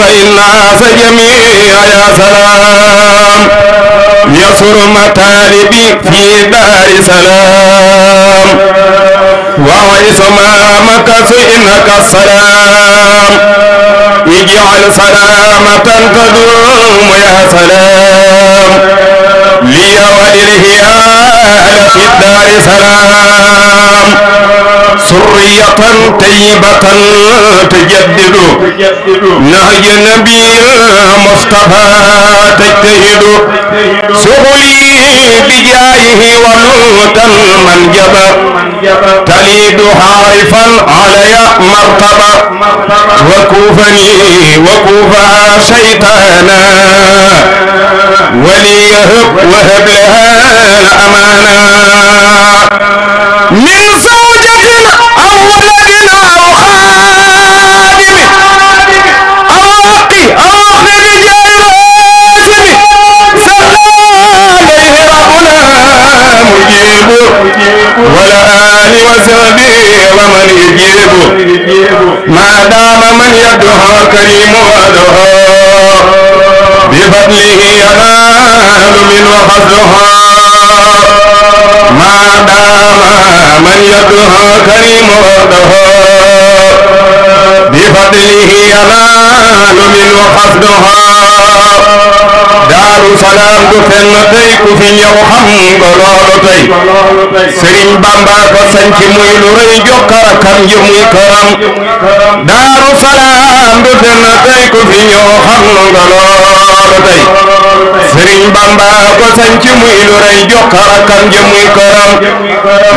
فالناس جميعا يا سلام يسر مطالبي في دار سلام وعيس مامك فإنك السلام اجعل سلامة تدوم يا سلام لي وللهيال في الدار سلام surriyatan tayyibatan tajaddidu nahj nabiyyil mustafa tajtahidu sughuli bijaahihi walutan manjaba talidu harifan alaya martaba وكوفني وكوفها شيطانا وليهب وهب لها الأمانة من وسبي ومن يجيب ما دام من يدعو كريم ودعو بفضله ينال من وفضلها ما دام من يدعو كريم ودعو فضله ينال من وقصدها دار سلام du fenn tey ku fi ñëw xam nga loolu tey Serigne Bamba ko muy lu rëy jokkara kan jëmuy këram daaru du fenn tey ku fi ñëw xam nu nga loolu tey sëriñ bamba ko muy lu rey jokkarakam ji muy koram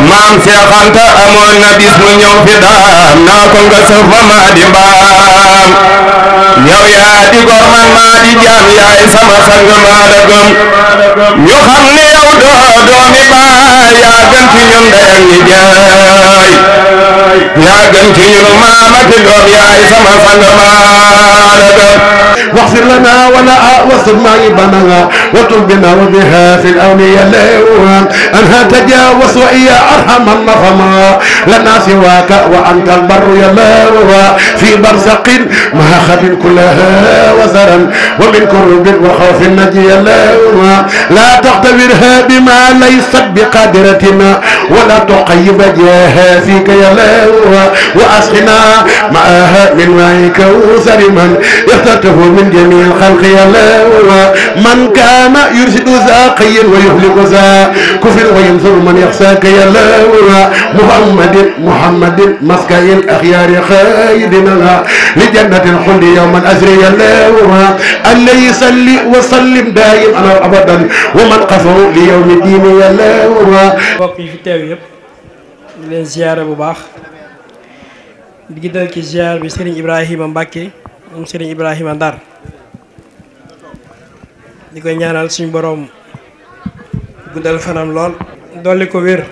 maam seexanta amoon na mu ñëw fi daam naa ko nga sëf fa maa di mbaam yaa di gor man maa di jaam yaay sama sang maa la gëm ñu xam ne yow doo doomi baay yaa gën ci ñun ndey ak jaay yaa gën ci ñun maa رحمة اليوم يا عيسى ما فنمانك واغفر لنا ولا واصف معيبنا وطل بنا وبها في الأولياء الأيوان أنها تجاوز وإيا أرحم النظما لنا سواك وأنت البر يا مروى في برزق مع خد كلها وزرا ومن كرب وخوف نجي لهما لا تختبرها بما ليست بقدرتنا ولا تقيب جاها فيك يا لهوى وأسقنا معها من معي كوثر من يختته من جميع الخلق يلاوى من كان يرشد ساقي ويهلك سا كفر وينصر من يخشاك يلاوى محمد محمد مسكى الاخيار خايدنا لجنة الخلد يوم أجري يلاوى أن يصلي وسلم دائم أنا أبدا ومن قفر ليوم الدين يلاوى mbokk yi fi teew yëpp leen ziyaare bu baax di jiital ci ziar bi Serigne Ibrahima mbàkke moom Serigne Ibrahima Ndar di koy ñaanal suñu boroom guddal fanam lool. dolli ko wér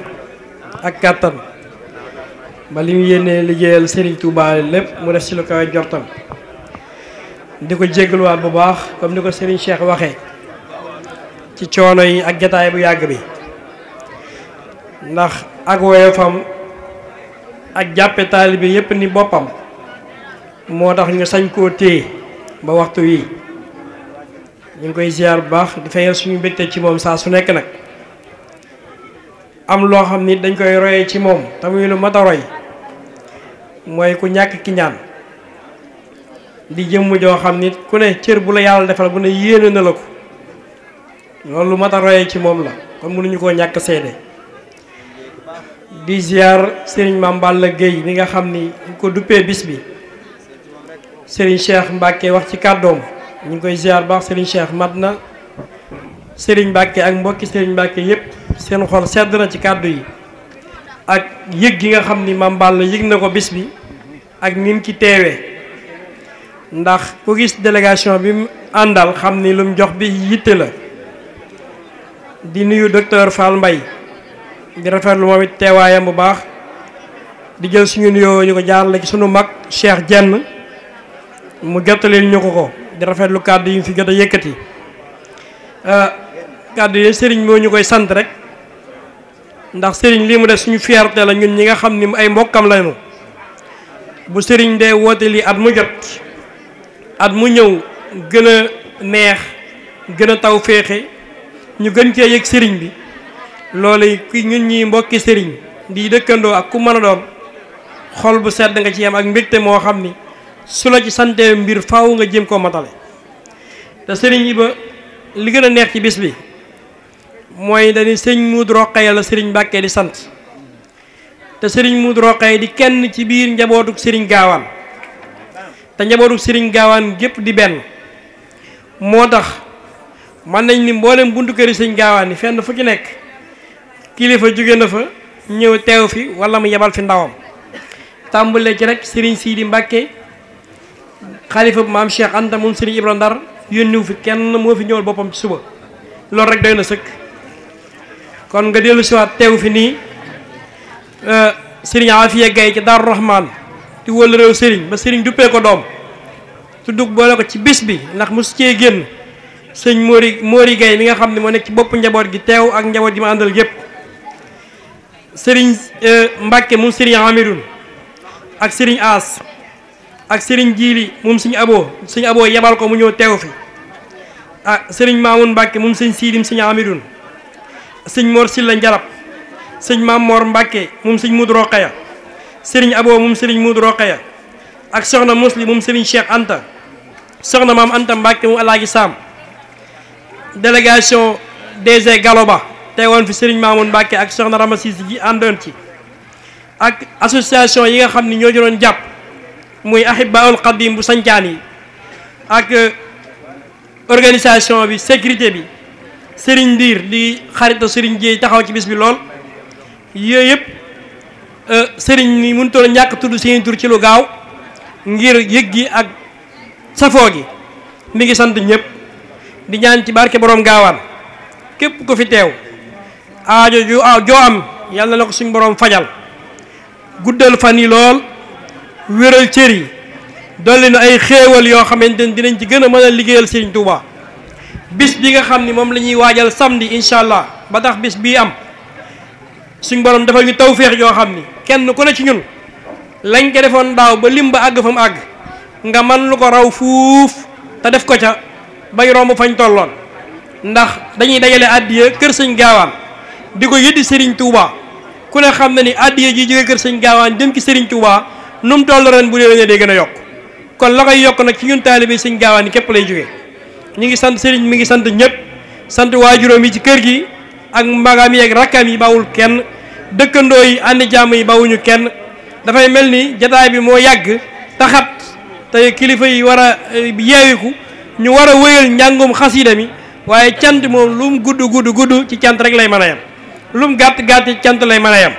ak kàttan ba li mu yéenee liggéeyal Serigne Touba lépp mu def ci lu kawe jortam di ko jéggaluwaat bu baax comme ni ko Serigne Cheikh waxee ci coono yi ak jataay bu yàgg bi ndax ak woyofam. ak jàppe taalibe yépp ni boppam moo tax ñu sañ koo téye ba waxtu wi ñu ngi koy ziar bu baax di feeñal suñu mbégte ci moom saa su nekk nag am loo xam ni dañ koy royee ci moom tamuy lu mat a roy mooy ku ñàkk kiñaan di jëmm joo xam ni ku ne cër bu la yàlla defal bu ne yéene na la ko loolu lu mat a royee ci moom la kon mënuñu koo ñàkk seede di ziar sëriñ Mame Balla Gueye mi nga xam ni ko duppee bis bi sëriñ Cheikh Mbacke wax ci kàddoom ñu ngi koy ziar baax Serigne Cheikh mat na Serigne Mbacke ak mbokki Serigne Mbacke yépp seen xol sedd na ci kàddu yi ak yëg gi nga xam ni Mame Balla yëg na ko bis bi ak nin ki teewee ndax ku gis délégation bi mu àndal xam ni lum jox bi yitte la di nuyu docteur Fall mbay di rafetlu moom it teewaayam bu baax di jël suñu nuyoo ñu ko jaarale ci suñu mag Cheikh jenn mu leen ñu ko ko di rafetlu kàddu yi ñu fi jot a yëkkati euh, kàddu yi sëriñ moo ñu koy sant rek ndax sëriñ lii mu def suñu fierté la ñun ñi nga xam ni ay mbokkam lañu bu sëriñ dee woote lii at mu jot at mu ñëw gën a neex gën a taw féexe ñu gën cee yëg sëriñ bi loolu ki ñun ñi mbokki sëriñ di dëkkandoo ak ku mën a doon xol bu sedd nga ci yam ak mbégte moo xam ni su la ci santee mbir faw nga jëm koo matale te sëriñ yi ba li gën a neex ci bis bi mooy dañuy sëñ Muudu Roqaya la sëriñ Mbàkke di sant te sëriñ muut Roqaya di kenn ci biir njabootuk sëriñ gaawaan te njabootuk sëriñ gaawaan gépp di benn moo tax mën nañ ni mboolem buntu këri sëriñ gaawaan ni fenn fu ci nekk kilifa jóge na fa ñëw teew fi wala mu yebal fi ndawam tàmbale ci rek sëriñ Sidi Mbàkke xalifa bu maam Cheikh Anta moom sëriñ Ibra Ndar yónniwu fi kenn moo fi ñëwal boppam ci suba loolu rek doy na sëkk kon nga dellu siwaat teew fi nii euh, sëriñ Afiya Gaye ci Daaru Rahmaan di wóolu réew sëriñ ba sëriñ duppee ko doom tuddug boole ko ci bis bi ndax mosu cee génn sëñ Mori Mori Gaye mi nga xam ne moo nekk ci bopp njaboot gi teew ak njaboot gi ma àndal sëriñ euh, Mbàkke mu sëriñ Amiroun ak sëriñ As ak sëriñ Jiili moom suñu abo suñu abo yebal ko mu ñëw teew fi ak ah, sëriñ Maamun Mbàkke moom sëñ Siidim suñu Amiroun sëñ moor Silla Njarab sëñ Maam Mor Mbàkke moom sëñ Mudu Roqaya sëriñ abo moom sëriñ Mudu Roqaya ak soxna Musli moom sëriñ Cheikh Anta soxna maam Anta Mbàkke moom Alaaji Saam délégation DG Galoba teewoon fi Serigne Mamoun Mbacke ak Soxna Ramasis ji àndoon ak association yi nga xam ni ñoo doon jàpp muy Ahibaul Qadim bu sancaan yi ak euh, organisation bi sécurité bi sëriñ Ndiir di xarita Serigne Dieye taxaw ci bis bi lool yooyu yëpp euh, Serigne ni mënutoon ñàkk tudd seen tur ci lu gaaw ngir yëg gi ak safoo gi mi ngi sant ñëpp di ñaan ci barke boroom gaawaan képp ko fi teew aajo ju aw ah, joo am yàlla na ko suñ boroom fajal guddal fan yi lool wéral cër yi dolli na ay xéewal yoo xamante ni dinañ ci gën a mën a liggéeyal Sëriñ Tuuba bis bi nga xam ni moom lañuy ñuy waajal samedi incha allah ba tax bis bii am suñ borom dafa ñu tawféex yoo xam ni kenn ku ne ci ñun lañ ko defoon daaw ba lim ba àgg fa mu àgg nga man lu ko raw fuuf te def ko ca bay romb fañ tolloon ndax dañuy dajale àddiya kër sëñ gaawaan di ko yëddi Serigne Touba ku ne xam na ni addiya ji jóge kër sëñ gaawaan dem ci Serigne Touba nu mu toll ren bu déwénee day gën a yokk kon la koy yokk nag ci ñun taalibe sëñ gaawaan yi képp lay jóge ñu ngi sant Serigne mi ngi sant ñëpp sant waa juróom yi ci kër gi ak mbagaam yi ak rakkam yi bawul kenn dëkkandoo yi ànd jàmm yi bawuñu kenn dafay mel ni jataay bi moo yàgg taxat te kilifa yi war a eh, yeewiku ñu war a wéyal njàngum xasida mi waaye cant moom lu gudd gudd gudd ci cant rek lay mën a yem lum gàtt gàtt cant lay mën a yem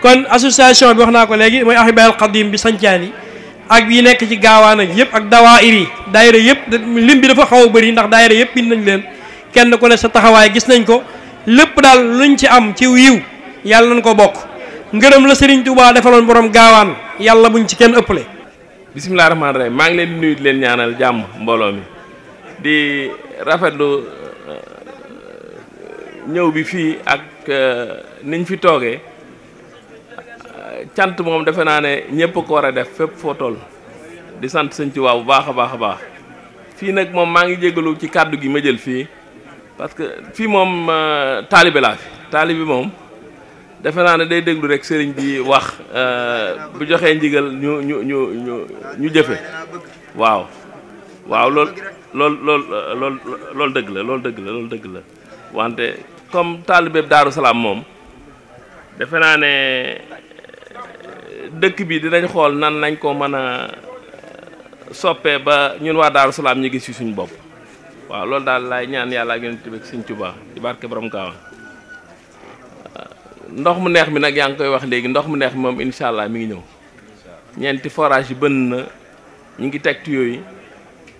kon association bi wax naa ko léegi mooy Ahibahil Khadim bi sancaan yi ak yi nekk ci gaawaan ak yëpp ak dawaayir yi daayira yëpp lim bi dafa xaw a bëri ndax daayira yëpp bind nañ leen kenn ku ne sa taxawaay gis nañ ko lépp daal luñ ci am ci yiw yàlla nañ ko bokk ngërëm la Serigne Touba defaloon borom gaawaan yàlla buñ ci kenn ëpple bisimilah rahmaani rahiim maa ngi leen di nuyu leen ñaanal jàmm mbooloo mi di rafetlu. ñëw bi fii ak euh, niñ fi toogee cant moom defe naa ne ñëpp ko war a def fépp foo toll di sant sañ ci waaw bu baax a baax a baax fii nag moom maa ngi jégalu ci kàddu gi ma jël fii parce que fii moom euh, taalibe laa fi taalibe moom defe naa ne day déglu rek sëriñ bi wax euh, bu joxee ndigal ñu ñu ñu ñu ñu jëfe waaw waaw lool lool lool lool loolu dëgg la loolu dëgg la loolu dëgg la wante comme taalibeeb Daaru Salaam moom defe naa ne dëkk bi dinañ xool nan lañ ko mën a euh, soppee ba ñun waa Daaru Salaam ñu gis ci suñu bopp waaw loolu daal laay ñaan yàlla ak yonent bi ak Sëñ Tuubaa di barke borom Gaawaan euh, ndox mu neex mi nag yaa ngi koy wax léegi ndox mu neex mi moom incha allah mi ngi ñëw ñeenti forage yi bënn na ñu ngi teg tuyaux yi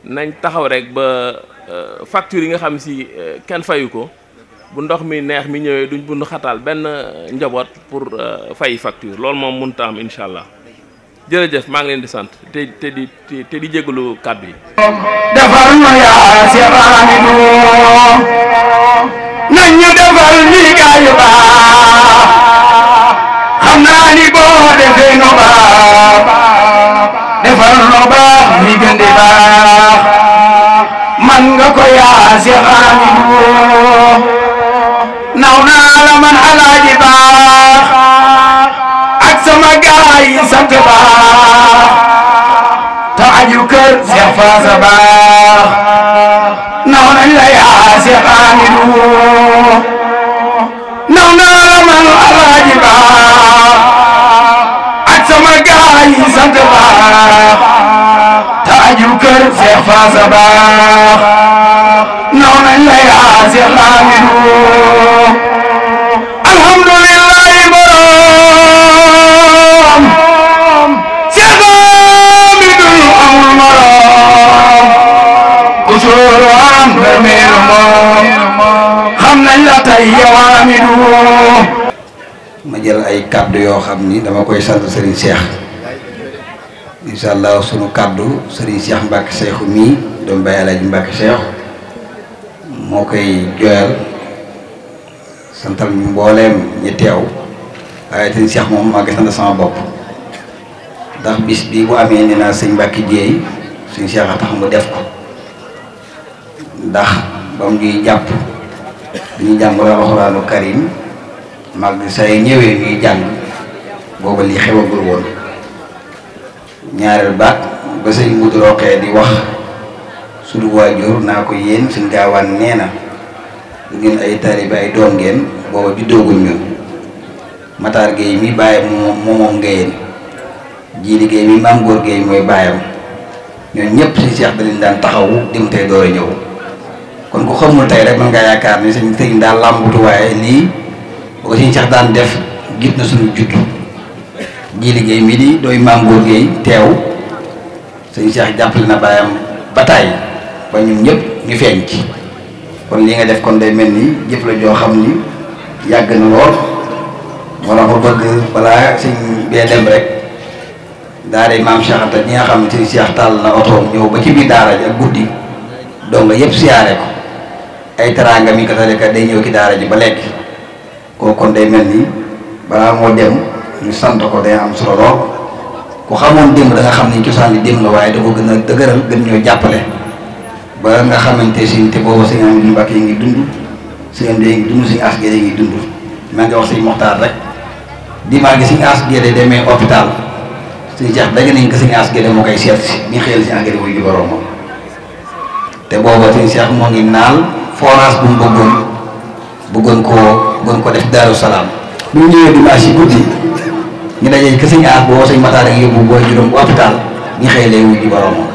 nañ taxaw rek ba euh, facture yi nga xam si kenn fayu ko bu ndox mi neex mi ñëwee duñ bund xataal benn euh, njaboot pour euh, fay facture loolu moom mënut am incha allah jërëjëf maa ngi leen di sant te di te di jégalu kàddu yi. defar ñu yaa Cheikh Amidou defar lii gaa yu baax xam naa ni boo defee nu baax defar nu baax man nga ko yaa Cheikh nawna la man alaaji baax ak sama gaay sant baax te aju kër Seex Faasa baax naw la yaa Seex Amidu nawna la man alaaji baax ak sama gaay sant baax te aju kër Seex Faasa baax العزيز الحمد لله برام سيغامد الأمر مرام قصور عمر مرمام خمنا لطي وامدو ma jël ay kàddu yoo xam ni dama koy sant Serigne Cheikh incha allah sunu kàddu Serigne Cheikh Mbacke Cheikh mii doomu Baye El Hadj Mbacke Cheikh moo koy jooyal santal ñu mbooleem ñi teew waaye ten Cheikh moom maa ngi sant sama bopp ndax bis bi bu amee ni naa sëñ Mbàkke Jéey suñ Cheikh a tax mu def ko ndax ba mu ñuy jàpp dañuy jàngaloo alxuraanu karim mag say ñëwee ñuy jàng booba lii xewagul woon ñaareel baat ba sëñ Mudu Roqee di wax suñu waajur naa ko yéen suñ gaawaan nee na du ngeen ay taalibe ay doom ngeen booba juddooguñ ñu Matar géey mi bàyyam moo moom ngayeen ji liggéey mi maam góor mooy bàyyam ñoom ñëpp suñu da leen daan taxaw dem tey door a ñëw kon ku xamul tey rek mën ngaa yaakaar ni suñu sëriñ daal làmbutu waaye lii boo ko suñu seex daan def gis na suñu judd ji liggéey mi di dooy màngoor géey Gueye teew suñu seex jàppale na bàyyam bataay ba ñun ñëpp ñu feeñ ci kon li nga def kon day mel ni jëf la joo xam ni yàgg na lool moo tax ma bëgg balaa suñ bee dem rek daara maam Cheikh Anta ñi nga xam ne suñu tàll taal na otoom ñëw ba ci biir daara ji ak guddi dong yëpp siyaare ko ay teraanga mi katalika day ñëw ki daara ji ba lekk kooku kon day mel ni balaa moo dem ñu sant ko day am solo lool ku xamoon démb da xam ni cosaan li démb la waaye da ko gën a dëgëral gën ñoo jàppale. ba nga xamante si te booba sëñ Amady Mbacke ngi dund sëñ Amady ngi dund sëñ As Guèye ngi dund maa ngi wax sëñ Moxtaar rek di maa ngi sëñ As Guèye demee hôpital sëñ Cheikh daje As Guèye moo koy seet si bi xëyal si As Guèye mooy di boroomam te booba moo ngi naal forage bu bëggoon bëggoon koo ko def Daaru Salaam bi mu ñëwee dimanche yi guddi ñu daje ko sëñ As booba sëñ Matar ak yóbbu booy juróom bu hôpital ñu xëy wuy di boroomam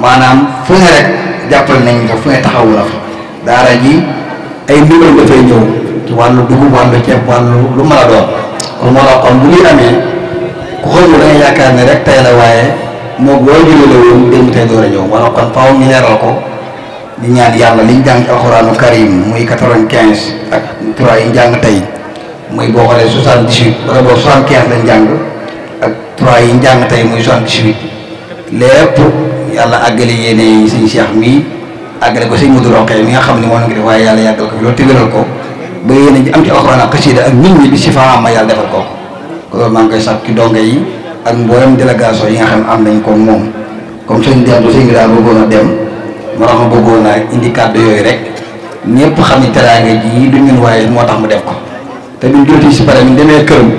maanaam fu ne rek jàppal nañ ko fu ne taxawu la fa daara ji ay ndigal dafay ñëw ci wàllu dugub wàllu ceeb wàllu lu mën la doon kon moo la kon bu ñuy amee ku xamul da nga yaakaar ni rek tey la waaye moo boo jëlee la woon démb tey door a ñëw wala kon faaw ñu leeral ko di ñaan yàlla li jàng ci alxuraanu karim muy quatre-vingt-quinze ak trois yi jàng tey muy boo xoolee soixante-dix-huit wala boo lañ jàng ak trois yi jàng tey muy soixante-dix-huit lépp yàlla àggale yéene yi sëñ Cheikh mii àggale ko sëñ Modou Roqee mi nga xam ne moom ngi def waaye yàlla yàggal ko fi tëggalal ko ba yéene ji am ci alxuraan ak xasida ak si faa ma yàlla defal ko ko loolu maa ngi sax ci donga yi ak mboolem délégation yi nga xam ne am nañ ko moom comme sëñ Demba sëñ bi daal bëggoon a dem moo tax ma bëggoon naa indi kàddu yooyu rek ñëpp xam ne teraanga ji du ñun waaye moo tax mu def ko te ñun jot si pare ñu demee këram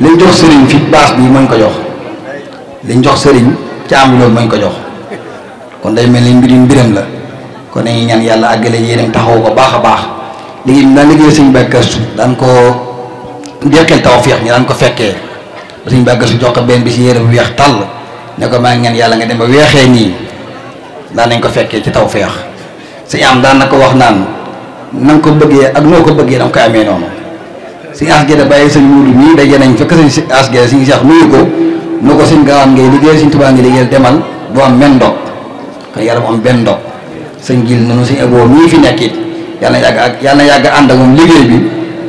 liñ jox sëriñ fi baas bi mën ko jox liñ jox sëriñ ca am loolu mañ ko jox kon day mel ni mbiri mbiram la kon dañuy ñaan yàlla àggale yéen taxaw ko baax a baax léegi daan liggéey suñu bàkkastu daan ko dekkeel tawfeex ñu daan ko fekkee suñu bàkkastu jox ko benn bi si yére bu weex tàll ne ko maa ngi ñaan yàlla nga dem ba weexee nii daan nañ ko fekkee ci tawfeex suñu am daan na ko wax naan na nga ko bëggee ak noo ko bëggee danga ko amee noonu suñu asgede bàyyi sëñ Muudu mii daje nañ fekk sëñ asgede ngi seex nuyu ko nu ko sëñ gaawaan ngay liggéeyal sëñ Tuubaa ngi liggéeyal demal du am benn ndog kon yàlla am benn ndog sëñ gil nunu sëñ aboo mii fi nekk yàgg ak yàlla na yàgg ànd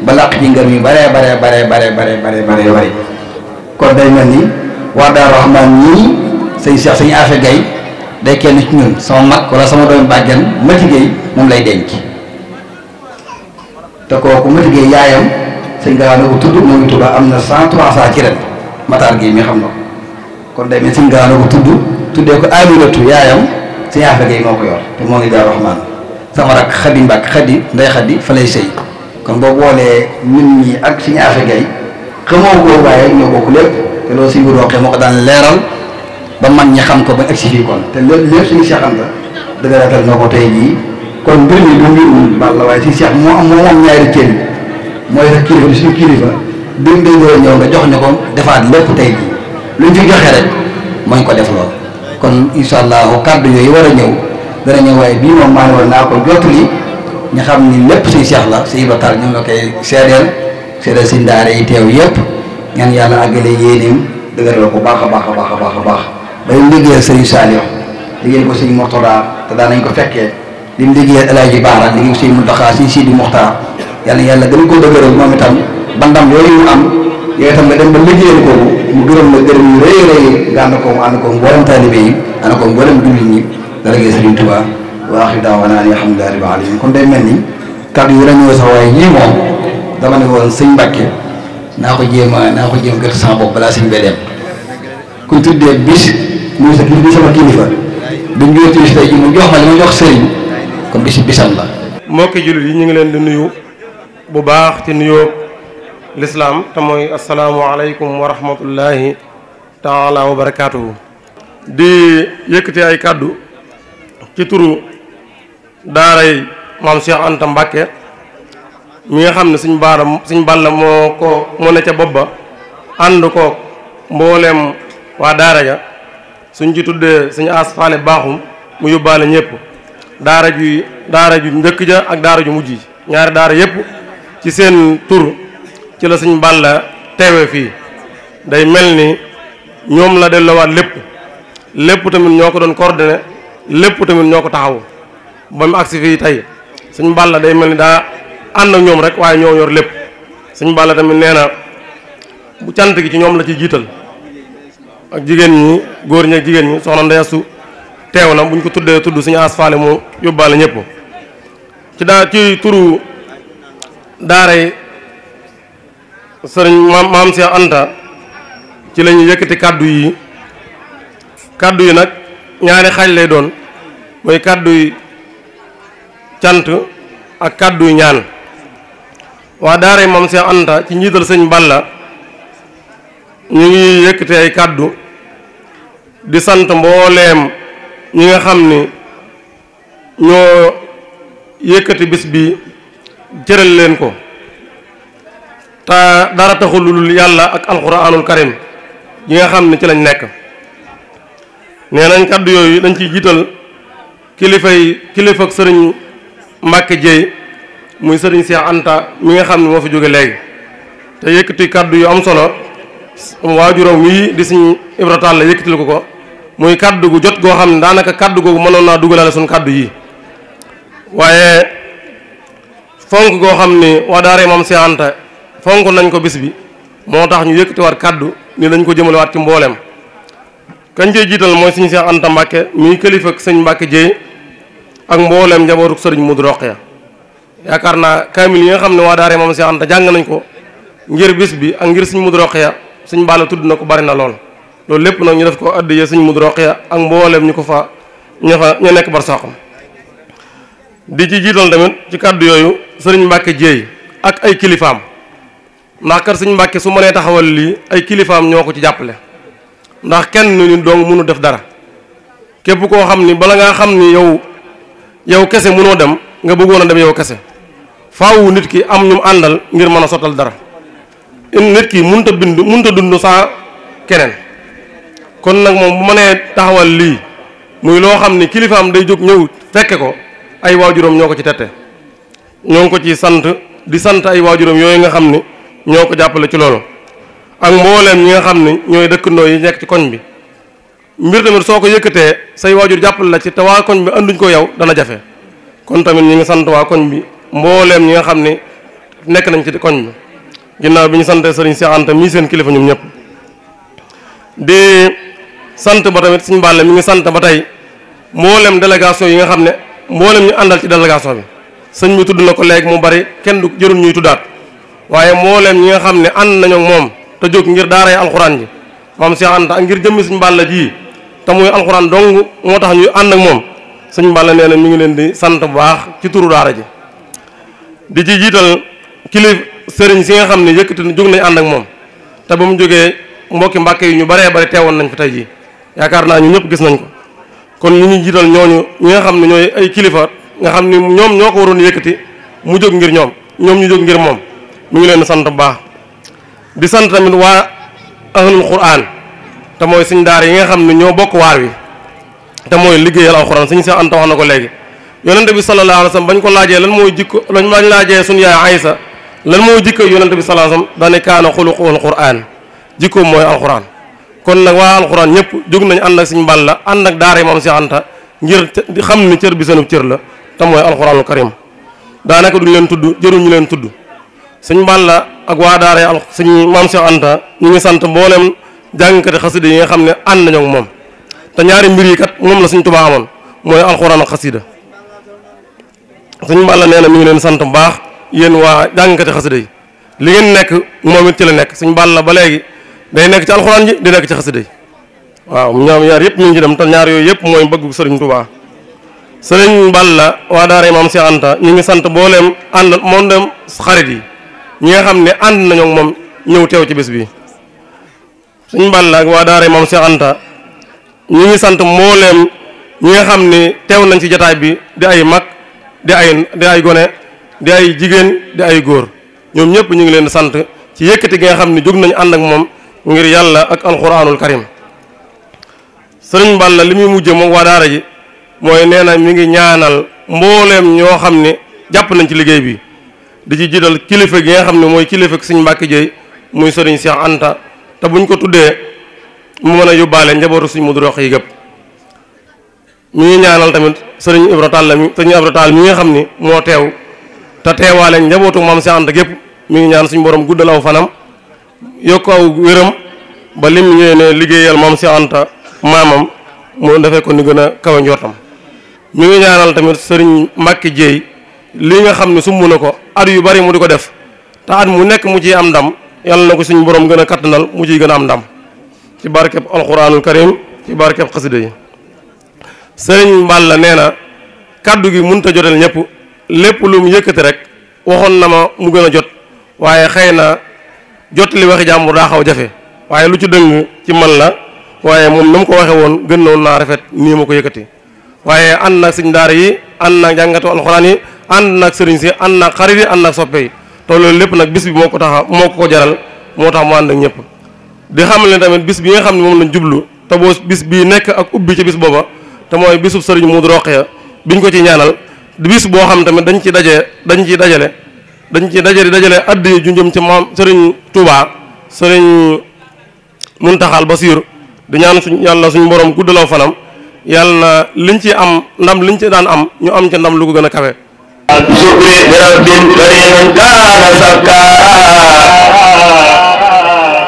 bare bare bare bare bare bare bare bare day mel ni waa Daaru Rahmaan ñii sëñ Cheikh sëñ Afe Gay kenn ci ñun sama mag moom lay denc te kooku Mati Gay yaayam sëñ gaawaan na ko tudd mu ngi am na cent trois ci ren Matar Gay mi xam na kon day mel sëñ Gana ko tudd tuddee ko Aminatu yaayam si yaafe gay moo ko yor te moo ngi Daaru Rahmaan sama rak xadi mbàkk xadi nday xadi fa lay sëy kon boo boolee ñun ñi ak si yaafe gay xamoo ko waaye ñoo bokk lépp te loolu suñ budooxee moo ko daan leeral ba mag ñi xam ko ba egsi fii kon te lépp lépp suñu Cheikh Anta ko tey jii kon mbir mi du mbirum Balla waaye suñu Cheikh moo am moo moom kilifa di suñu ñëw nga jox ne ko defaat lépp tey jii luñ fi joxe rek mooñ ko def lool kon incha allahu kàddu yooyu war a ñëw dana ñëw waaye bii moom maa ne woon naa ko jottali ñu xam ni lépp si seex la si batal ñoom la koy seedeel seedeel si ndaare yi teew yëpp ñaan yàlla àggale yéenim dëgëral ko baax a baax a baax a baax a baax bay liggéeyal sëriñ Saliou liggéeyal ko sëriñ Moxtaar te daan nañ ko fekkee li mu liggéeyal El baax Baara liggéeyal sëriñ Mountakha sëriñ Sidi Moxtaar yàlla yàlla gën koo dëgëral moom yooyu tam nga dem ba liggéeyal kooku mu gërëm la gërëm yu rëy rëy nga ànd ko mu ànd ko mboolem taalibe yi ànd ko mboolem jullit ñi dara gis Sëriñ Tuubaa wa aaxiru da'waanaa kon day mel ni kàddu yu rëñoo sax waaye ñii moom dama ne woon sëñ Mbàkke ko jéem a ko jéem gëstu sama bopp balaa bee dem kuñ tuddee bi mu jox ma li ma jox sëriñ kon bisi bisam la mbokki jullit yi ñu ngi leen di nuyu bu baax te nuyoo lislaam te mooy asalaamualeykum wa rahmatullahi taala wa di yëkkati ay kàddu ci turu daaray maam Cheikh Anta Mbàkke mi nga xam ne suñ baara suñ balla moo ko moo ne ca bopp ba ànd ko mbooleem waa daara ja suñ ci tuddee suñ asfaale baaxum mu yóbbaale ñëpp daara ju daara ju njëkk ja ak daara ju mujj yi ñaari daara yëpp ci seen tur ci la sëñ la teewee fii day mel ni ñoom la delloowaat lépp lépp tamit ñoo ko doon coordonné lépp tamit ñoo ko taxaw ba mu agsi fii tey sëñ Balla day mel ni daa ànd ñoom rek waaye ñoo yor lépp sëñ Balla tamit nee na bu cant gi ci ñoom la ciy jiital ak jigéen ñi góor ñi ak jigéen ñi soxna Ndeye Astou teew na bu ñu ko tuddee tudd suñu asfaale mu yóbbaale ñëpp ci daa ci turu daaray sëriñ maam maam Cheikh Anta ci la yëkkati kàddu yi kàddu yi nag ñaari xaaj lay doon mooy kàddu yi cant ak kàddu yu ñaan waa daara maam Cheikh Anta ci njiital sëñ Balla ñu ngi yëkkati ay kàddu di sant mbooleem ñi nga xam ni ñoo yëkkati bis bi jëral leen ko te dara taxul lu yàlla ak alxuraanul karim yi nga xam ne ci lañ nekk nee nañ kàddu yooyu dañ ciy jiital kilifay kilifa ak sëriñ Mbàkke Jéy muy sëriñ Seex Anta mi nga xam ne moo fi jóge léegi te yëkkati kàddu yu am solo waajuram wii di suñ Ibra la yëkkatil ko ko muy kàddu gu jot goo xam ne daanaka kàddu googu mënoon naa dugalaale suñ kàddu yi waaye fonk goo xam ne waa daara moom Seex Anta fonk nañ ko bis bi moo tax ñu yëkkatiwaat kàddu ni dañ ko jëmalewaat ci mbooleem kañ cee jiital mooy suñu Seex Anta Mbàkke mii kilifa ak sëñ Mbàkke Jéey ak mbooleem njabootu sëriñ Mudu Roqaya yaakaar naa kaamil yi nga xam ne waa daare moom Seex Anta jàng nañ ko ngir bis bi ak ngir sëñ Mudu Roqaya sëñ tudd na ko bari na lool loolu lépp nag ñu def ko àddiyee sëñ Mudu Roqaya ak mbooleem ñu ko fa ña fa nekk bar saxam di ci jiital tamit ci kàddu yooyu sëriñ Mbàkke Jéey ak ay kilifaam ndax kër sëñ Mbàkke su mënee taxawal lii ay kilifaam ñoo ko ci jàppale ndax kenn ñu dong mënu def dara képp koo xam ni bala nga xam ni yow yow kese mënoo dem nga bëggoon dem yow kese faawu nit ki am ñu àndal ngir mën a sottal dara nit ki mënut bind mënut a dund saa keneen kon nag moom bu nee taxawal lii muy loo xam ni kilifaam day jóg ñëw fekke ko ay waajuram ñoo ko ci tette ñoo ko ci sant di sant ay waajuram yooyu nga xam ni ñoo ko jàppale ci loolu ak mbooleem ñi nga xam ne ñooy dëkkandoo yi nekk ci koñ bi mbir tamit soo ko yëkkatee say waajur jàppale la ci te waa koñ bi anduñ ko yow dana jafe kon tamit ñu ngi sant waa koñ bi mbooleem ñi nga xam ne nekk nañ ci koñ bi ginnaaw bi ñu sante sëriñ Cheikh Anta mii seen kilifa ñoom ñëpp di sant ba tamit suñu bàlle mi ngi sant ba tey mboolem délégation yi nga xam ne mboolem ñu àndal ci délégation bi sëñ bi tudd na ko léegi mu bari kenn du jërul ñuy tuddaat waaye mboolem ñi nga xam ne ànd nañu moom te jóg ngir daaray alxuraan ji moom Cheikh Anta ak ngir jëmmi suñu Balla ji te muy alxuraan dong moo tax ñu ànd ak moom suñu Balla nee na mi ngi leen di sant bu baax ci turu daara ji di ci jiital kilif sëriñ si nga xam ne yëkkati jóg nañ ànd ak moom te ba mu jógee mbokki mbàkke yi ñu baree bari teewoon nañ fi tey jii yaakaar naa ñu ñëpp gis nañ ko kon ñu ñu jiital ñooñu ñi nga xam ne ñooy ay kilifa nga xam ne ñoom ñoo ko waroon yëkkati mu jóg ngir ñoom ñoom ñu jóg ngir moom mi ngi leen sant bu baax di sant tamit waa ahlul quraan te mooy suñ daara yi nga xam ne ñoo bokk waar wi te mooy liggéeyal alxuraan suñu Seex Anta wax na ko léegi yonente bi sallallahu alayhi wa sallam bañ ko laajee lan mooy jikko lañ bañ laajee suñu yaay Aysa lan mooy jikko yonente bi sallallahu alayhi wa sallam daane kaana xuluqul quraan jikkoom mooy alxuraan kon nag waa alxuraan ñëpp jóg nañ ànd ak suñ mbal la ànd ak daara yi moom Seex Anta ngir xam ni cër bi seenub cër la te mooy alxuraanul karim daanaka duñ leen tudd jëruñu leen tudd suñ Balla ak waa daara al suñ maam Cheikh Anta ñu ngi sant mboolem jàngkati xasida yi nga xam ne ànd nañu moom te ñaari mbir yi kat moom la suñ Tuubaa amoon mooy alxuraan ak xasida suñ Balla nee na mi ngi leen sant bu baax yéen waa jàngkati xasida yi li ngeen nekk moom it ci la nekk suñ Balla ba léegi day nekk ci alxuraan ji di nekk ci xasida yi waaw ñoom ñaar yëpp mi ngi ci dem te ñaar yooyu yëpp mooy bëggu sëriñ Tuubaa sëriñ Balla waa daara maam Cheikh Anta ñu ngi sant mboolem ànd moom dem xarit yi ñi xam ne ànd nañoo moom ñëw teew ci bés bi suñ Balla ak waa daara moom Cheikh Anta ñu ngi sant mbooleem ñi nga xam ne teew nañ ci jataay bi di ay mag di ay di ay gone di ay jigéen di ay góor ñoom ñëpp ñu ngi leen sant ci yëkkati gi nga xam ne jóg nañu ànd ak moom ngir yàlla ak alxuraanul karim sëriñ Balla li muy mujje moom waa daara ji mooy nee na mi ngi ñaanal mbooleem ñoo xam ne jàpp nañ ci liggéey bi di ci jiital kilifa gi nga xam ne mooy kilifa gi suñ mbàkki jëy muy sëriñ Seex Anta te buñ ko tuddee mu mën a yóbbaale njabootu suñ mudu rox yi ñaanal tamit sëriñ Ibra Tall mi nga xam ni moo teew te teewaale njabootu maam Seex gépp mi ngi ñaan suñu borom guddal aw fanam yokk aw wéram ba lim yéene liggéeyal maam Seex Anta maamam mu defee ni gën a kawe njortam mi ngi ñaanal tamit sëriñ Mbàkke Jéey lii nga xam ne sumb na ko at yu bari mu di ko def te at mu nekk mu ciy am ndam yàlla na ko suñu borom gën a kattanal mu ciy gën am ndam ci barkeb alxuraanul karim ci barkeb xasida yi sëriñ Mballa nee na kàddu gi mënut a jotal ñëpp lépp lu mu yëkkati rek waxoon na ma mu gën a jot waaye xëy na jot li waxi jàmbur daa xaw jafe waaye lu ci dëng ci man la waaye moom na mu ko waxe woon gën noonu naa rafet nii ma ko yëkkati waaye ànd nag sëñ daara yi ànd nag jàngatu yi ànd naag sëriñ si ànd naag xarit yi ànd naag soppe yi te loolu lépp nag bis bi moo ko taxa moo ko jaral moo tax mu ànd ak ñëpp di xamal ne tamit bis bi nga xam ne moom lañ jublu te boo bis bii nekk ak ubbi ci bis booba te mooy bisub sëriñ Muudu Roqaya biñ ko ci ñaanal bis boo xam tamit dañ ci daje dañ ci dajale dañ ci dajale dajale addi ju jëm ci maam sëriñ Touba sëriñ Muntaxal Basiir di ñaan suñ yàlla suñ borom guddalaw fanam yàlla liñ ci am ndam liñ ci daan am ñu am ca ndam lu ko gën a kawe الشكر برب كريم كان سكارا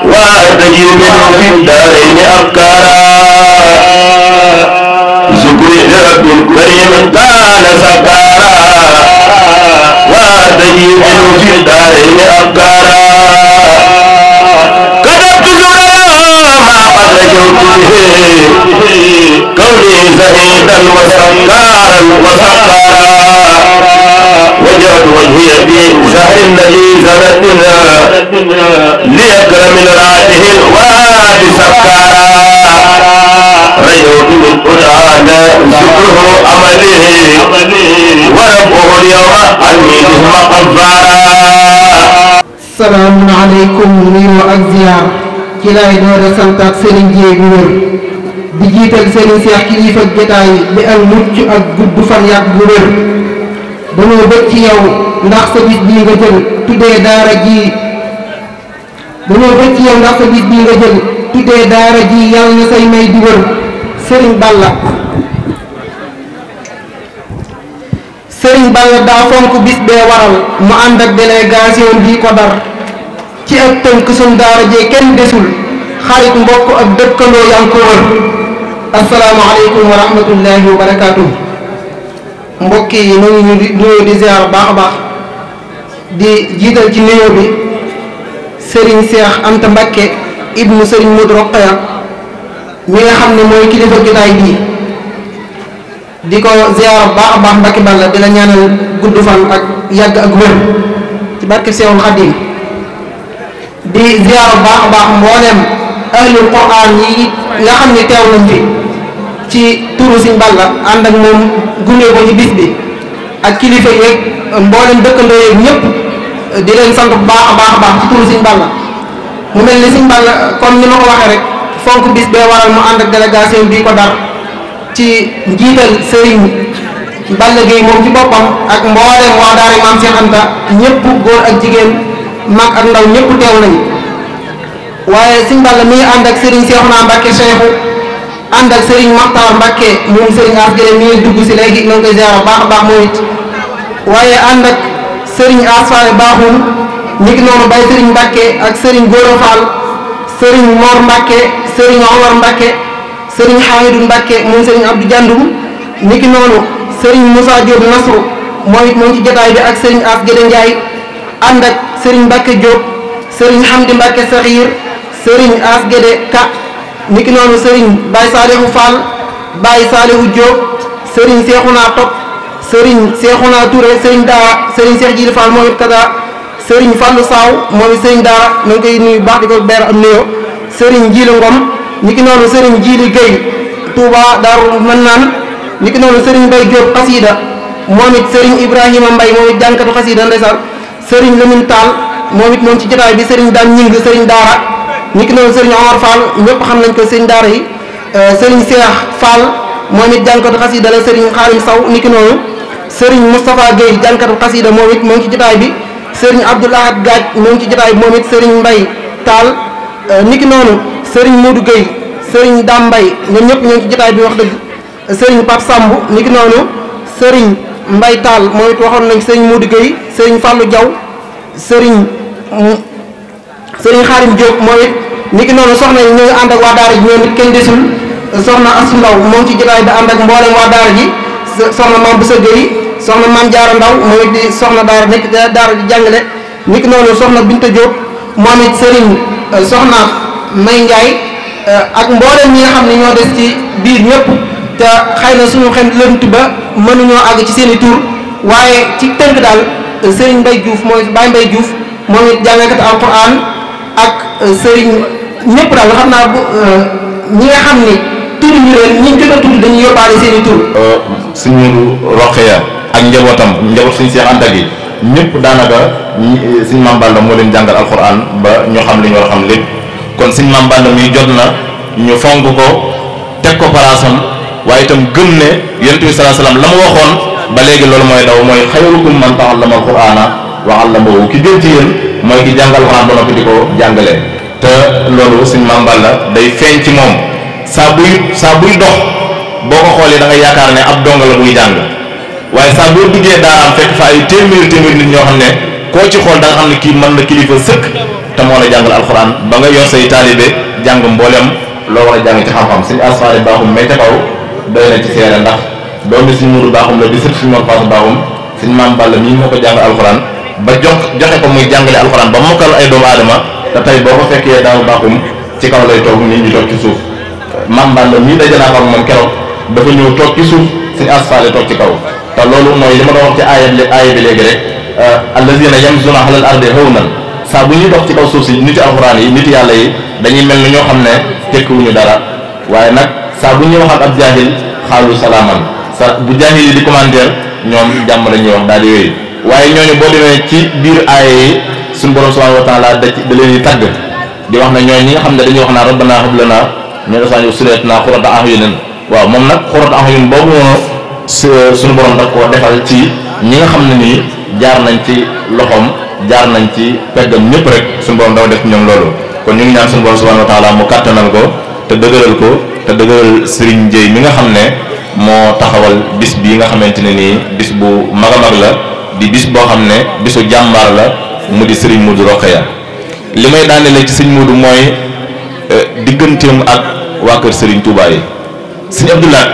وأرتجي منه في الدارين أبكارا شكر برب كريم كان سكارا وأرتجي منه في الدارين أبكارا كتبت زرارا ما قد رجوت به كوني زهيدا وسكارا وسكارا وجهت وجهي بشهر الذي زنت منها لأكرم الراته الورى بسكارى رجوت بالقرآن شكره عمله وربه اليوم عني مقفارا السلام عليكم نيو أكزيار كلاي دور سنتات سيرين جيبور di jiital seen i seex kilifa jotaay bi ak mucc ak gudd fan yàgg bu wér dañoo bëgg ci yow ndax sa bis bii nga jël tuddee daara ji dañoo bëgg ci yow ndax sa bis bii nga jël tuddee daara ji yàlla say may di wër Serigne Balla Serigne daa fonk bis bee waral mu ànd ak délégation bii ko dar ci ak tënk suñ daara jee kenn desul xarit mbokk ak dëkkandoo yaa ngi ko wër asalaamaaleykum mbokk yi ñu ngi ñu di ziar baax a baax di jiital ci nuyoo bi Serigne Cheikh Anta Mbacké ibnu Serigne Modou Rokhaya mi nga xam ne mooy kilifa jotaay bii di ko ziar baax a baax Mbacké Balla di la ñaanal gudd fan ak yàgg ak wér ci barke Seexul Xadiim di ziar baax a baax mboolem ahlul Qur'an yi nga xam ne teew nañ fi. ci turu Sëñ Balla ànd ak moom gunge ko ci bis bi ak kilifa yeeg mboolem dëkkandoo yeeg ñëpp di leen sant bu baax a baax a baax ci turu Sëñ Balla mu mel ni Sëñ Balla comme ni ma ko waxee rek fonk bis bee waral mu ànd ak délégation bii ko dar ci njiital sëriñ Balla Gueye moom ci boppam ak mboolem waa daara Maam Cheikh Anta góor ak jigéen mag ak ndaw ñëpp teew nañu waaye Sëñ Balla mi ànd ak sëriñ Cheikhouna Mbacké Cheikhou ànd ak Serigne Makhtar Mbacke moom Serigne As Gueye mi dugg si léegi ñoo ngi baax baax moom it waaye ànd ak Serigne As Fall baaxul ñu ngi noonu bay Serigne Mbacke ak Serigne Goro Fall Serigne Mor Mbacke Serigne Omar Mbacke Serigne Hamidou Mbacke moom Serigne Abdou Diandoum ñu ngi noonu sëriñ Moussa Diop Nasru moom it moom ci jotaay bi ak Serigne As Gueye Ndiaye ànd ak Serigne Mbacke Diop Serigne Hamdi Mbacke Saxiir Serigne As Gueye Ka. niki noonu Serigne Baye Salihu Fall Baye Salihu Diop Serigne Cheikhouna Top Serigne Cheikhouna Touré Serigne Daara Serigne Cheikh Jili Fall moom it kada Serigne Fallou Saw moom it Serigne Daara ñu ngi koy nuyu baax di ko beer am nuyoo Serigne Jili Ngom niki noonu Serigne Jili Guèye Touba Darou Mannaan niki noonu Serigne Baye Diop Xasida moom it Serigne Ibrahima Mbaye moom it jànkatu Xasida ndeysaan Serigne Lamine Tall moom it moom ci jotaay bi Serigne daan ñing Serigne Daara. ñi ki noonu Serigne Omar Fall ñëpp xam nañ ko sëñ daara yi euh, Serigne Cheikh Fall moom it jànkatu xasida la Serigne Xaalim Saw ni ki noonu Serigne Moustapha Guèye jànkatu xasida moom it moo ngi ci jotaay bi Serigne Abdoul Ahad Gaaj moo ci jotaay bi moom it Serigne Mbaye Tall euh, ni ki noonu Serigne Modou Guèye Serigne Dame Mbaye ñoom ñëpp ñoo ngi ci jotaay bi wax dëgg Serigne Pape Samb ni ki noonu Serigne Mbaye Tall moom it waxoon nañ Serigne Modou Guèye Serigne Fallou Diaw Serigne sëriñ Xaarim Diop moom it ni noonu soxna yi ñu ngi ànd ak waa daara ji ñoom it kenn desul soxna Asu Ndaw moom ci jotaay bi ànd ak mboolem waa daara ji soxna maam bu sa gëri soxna maam jaara ndaw moom it soxna daara nekk daara di jàngale ni ki noonu soxna Binta Diop moom it sëriñ euh, soxna May Njaay euh, ak mboolem ñi xam ne ñoo des ci biir ñëpp te xëy na suñu xel lënt ba mënuñoo àgg ci seen i tur waaye ci tënk daal sëriñ Mbay Diouf mooy Baye Mbay Diouf moom ak euh, sëriñ ñëpp daal xam naa bu euh, ñi xam ni tur ñu leen ñi jot a tudd dañuy yóbbaale seen i tur. Euh, suñu Roqeya ak njabootam njaboot suñu Seex Anta gi daanaka suñu Maam moo leen jàngal alxuraan ba ñu xam li ñu xam lépp kon suñu Maam Balla mi jot na ñu fonk ko teg ko palaasam waaye itam gëm ne yonent bi sallallahu alayhi wasallam la mu waxoon ba léegi loolu mooy daw mooy xayrukum man ta'allama alxuraana wa allamahu ki gën ci yéen. mooy ki jàngal xanaan ba noppi di ko jàngale te loolu suñ maam la day feeñ ci moom saa buy saa buy dox boo ko xoolee da nga yaakaar ne ab donga la buy jàng waaye saa boo duggee daaraam fekk fa ay téeméeri téeméeri nit ñoo xam ne koo ci xool da nga xam ne kii mën na kilifa sëkk te moo la jàngal alxuraan ba nga yor say taalibe jàng mboolem loo war a jàng ci xam-xam suñu asfaari baaxum may ca kaw doy na ci seere ndax doomi suñu muru baaxum la di sët suñu moom faasa baaxum suñ maam jàng alxuraan ba jox joxe ko muy jàngale alxuraan ba mokkal ay doomu aadama te tey boo ko fekkee daaw baaxum ci kaw lay toog nit ñi toog ci suuf mam Balla mii dajanaa ak moom keroog dafa ñëw toog ci suuf suñu asfaale toog ci kaw te loolu mooy li ma doon wax ci aaya bi aaya bi léegi rek euh, allazina yamsuna alal ardi hawnan saa bu ñuy dox ci kaw suuf si niti alxuraan yi niti yàlla yi dañuy mel na ñoo xam ne tekkiwuñu dara waaye nag saa bu ñuy wax ak ab jaahil xaalu salaaman sa bu jaahil yi di commentaire ñoom jàmm la ñuy wax daal yooyu waaye ñooñu boo demee ci biir aaya yi suñu borom subhanahu wa taala da da leen di tàgg di wax na ñoo ñi nga xam ne dañuy wax naa rabbana hab lana min azwajina suryatina qurrata a'yunin waaw moom nag qurrata a'yun boobu suñu borom da koo defal ci ñi nga xam ne nii jaar nañ ci loxoom jaar nañ ci peggam ñëpp rek suñu borom dafa def ñoom loolu kon ñu ngi ñaan suñu borom subhanahu wa taala mu kàttanal ko te dëgëral ko te dëgëral Serigne Ndiaye mi nga xam ne moo taxawal bis bii nga xamante ne nii bis bu mag a mag la di bis boo xam ne bisu jàmbaar la mu di sëriñ Modou ya li may daanele ci sëñ Modou mooy euh, digganteem ak waa kër sëriñ Touba yi sëñ Abdoulaye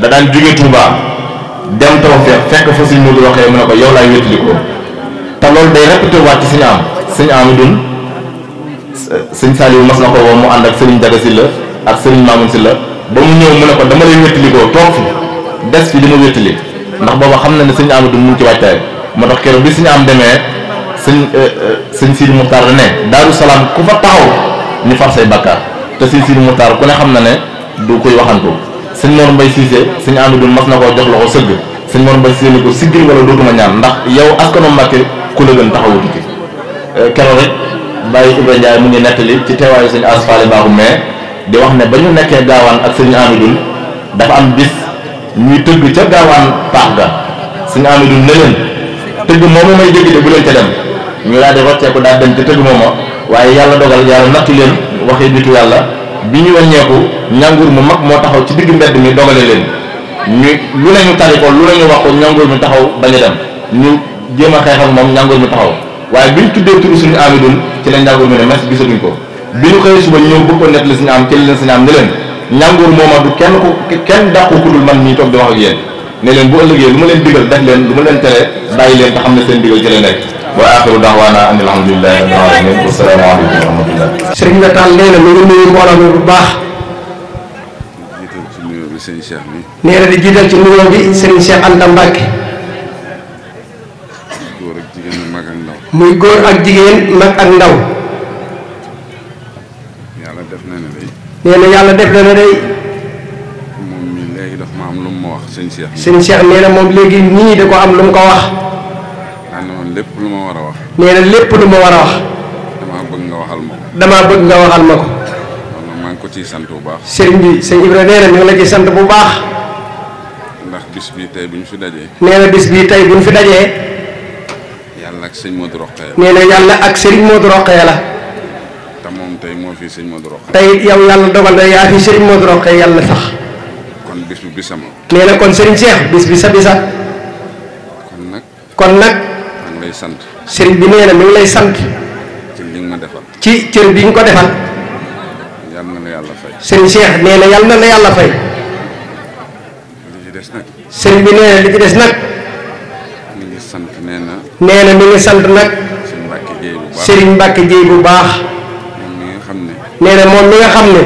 da daan jóge Touba dem taw fekk fa sëñ Modou Rokhaya mu ne ko yow laay wétali ko te loolu day répété waat ci sëñ am sëñ am dun sëñ Saliou mas na ko woo mu ànd ak sëriñ Jaga la ak sëriñ Mamoun si ba mu ñëw mu ne ko dama lay wétali ko fi des fi di ma wétali ndax booba xam na ne sëñ Amadou mu ngi ci waajtaay moo tax keroog bi sëñ am demee sëñ euh, euh, sëñ Sidi Muxtaar ne Daaru Salaam ku fa taxaw ñu far say bakkaar te sëñ Sidi Muxtaar ku ne xam na ne du koy waxantu sëñ Mor Mbay Siise sëñ Amadou mas na koo jox loxo sëgg sëñ Mor bay Siise ni ko siggil wala dootuma ñaan ndax yow askanu Mbàkke ku la gën taxawutu ci euh, keroog rek Baye Ibra Ndiaye mu ngi nettali ci teewaayu sëñ Asfaale Baaxu mais di wax ne ba ñu nekkee gaawaan ak sëñ Amadou dafa ñuy tëgg ca gaawaan paax ga suñu amidu ne leen tëgg moomu may dégg de bu leen ca dem ñu daal di rocceeku daal dem ca tëgg mooma waaye yàlla dogal yàlla nattu leen waxee nitu yàlla bi ñu wàññeeku ñangur mu mag moo taxaw ci digg mbedd mi dogale leen ñu lu ne ñu tari ko lu ne ñu wax ko ñangur mi taxaw bañ a dem ñu jéem a xeex ak moom ñangur mi taxaw waaye bi ñu tuddee turu suñu amidun ci la ñangur mi ne mes gisatuñ ko bi ñu xëyee suba ñëw bëgg ko am ci leen suñu am ne leen ñàngoor mooma du kenn ku kenn dàqu ku dul man mii toog di wax ak yéen ne leen bu ëllëgee lu ma leen digal def leen lu ma leen tere bàyyi leen te xam ne seen digal ci la nekk wa axiru da'waana an alhamdulillahi rabbil alamin wa salaamu aleykum wa rahmatullah sëriñ bi taal nee na mu ngi nuyu mbooloo bu baax muy góor ak jigéen mag ak ndaw nee na yàlla def na ne moom mii léegi daf ma am lu mu ma wax sëñ Cheikh. sëñ Cheikh nee na moom léegi nii da ko am lu mu ko wax. maanaam ah, lépp lu ma war a wax. nee na lépp lu ma war a wax. damaa bëgg nga waxal ma ko. damaa bëgg nga waxal ma ko. kon maa ngi ko ciy sant bu baax. sëriñ bi sëñ Ibrahima nee na mi ngi la ciy sant bu baax. ndax bis bii tey bu ñu fi dajee. nee na bis bii tey bu ñu fi dajee. yàlla ak sëñ moo Rokhaya. nee na yàlla ak sëriñ Modou Rokhaya la. moom tey moo fi sëñ Modou Rokhaya. tey yow yàlla dogal na yaa fi sëñ Modou Rokhaya yàlla sax. kon bis bu bisam. nee na kon sëriñ Cheikh bis bi sa bisa. kon nag. kon nag. sant. sëriñ bi nee lay sant. ci li ci cër bi nga ko defal. na yàlla fay. sëriñ Cheikh nee na na la yàlla fay. li ci des nag. sëriñ bi nee na li ci des nag. mi ngi sant nee na. nee sant nag. sëriñ Mbacke Dieye bu baax. nee na moom mi nga xam ne.